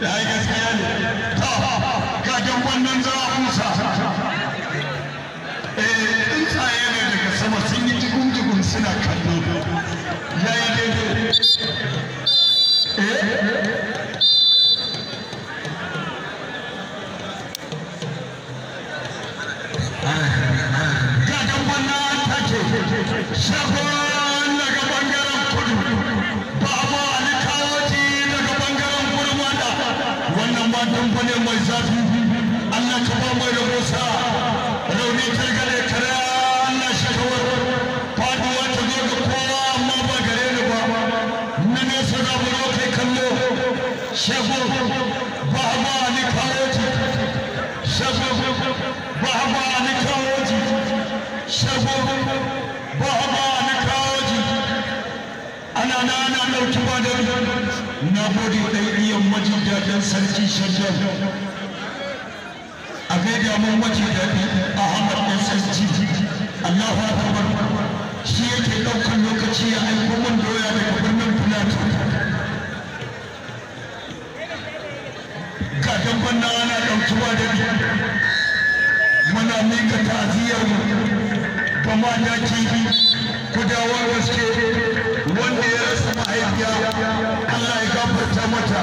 da ai gaskiya ne to kagan wannan za musa eh tsaye ne daga sama sun yi jigun suna kallo yayi kwamfani mai zafi Allah ka ba mai rabo sa rauni targare kare Allah shakawar faduwa ta zo ga kowa amma ba gare ni ba na nesa da buro kai kallo shago ba ba ni kawo ji shago ba ba ni kawo ji shago ba ba ana na ana ɗauki ba da na gode ɗaiɗiyan majin daɗin sarki shajjar a gaida mun majin daɗi ahmad ɗan sarki allahu akbar shi yake ɗaukar lokaci ya aiko mun doya daga birnin plateau ga dabban na ana ɗauki ba da muna miƙa ta'aziyar ba ma daji kudawar gaske wanda ya rasa mahaifiya Allah ya gafarta mata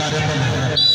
कार्यक्रम है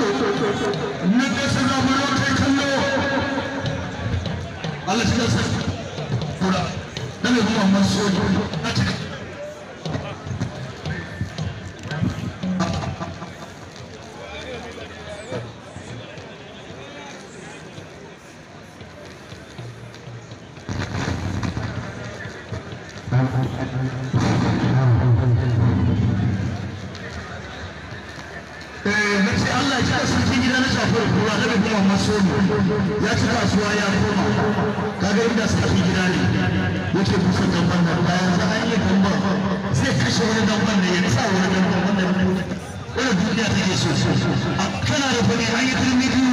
निर्देशक मनोहर खन्नो अलसिदा सर थोड़ा नबी मोहम्मद सोज Thank you. gida na shafar kowa na bin Muhammad Solo ya ci kasuwa ya koma kaga inda suka fi gida ne yake kusa gamban nan bayan za an yi gamban zai kashe wani gamban ne ya sa wani gamban wannan wani duniya take so kana da kuɗi an yi turmi biyu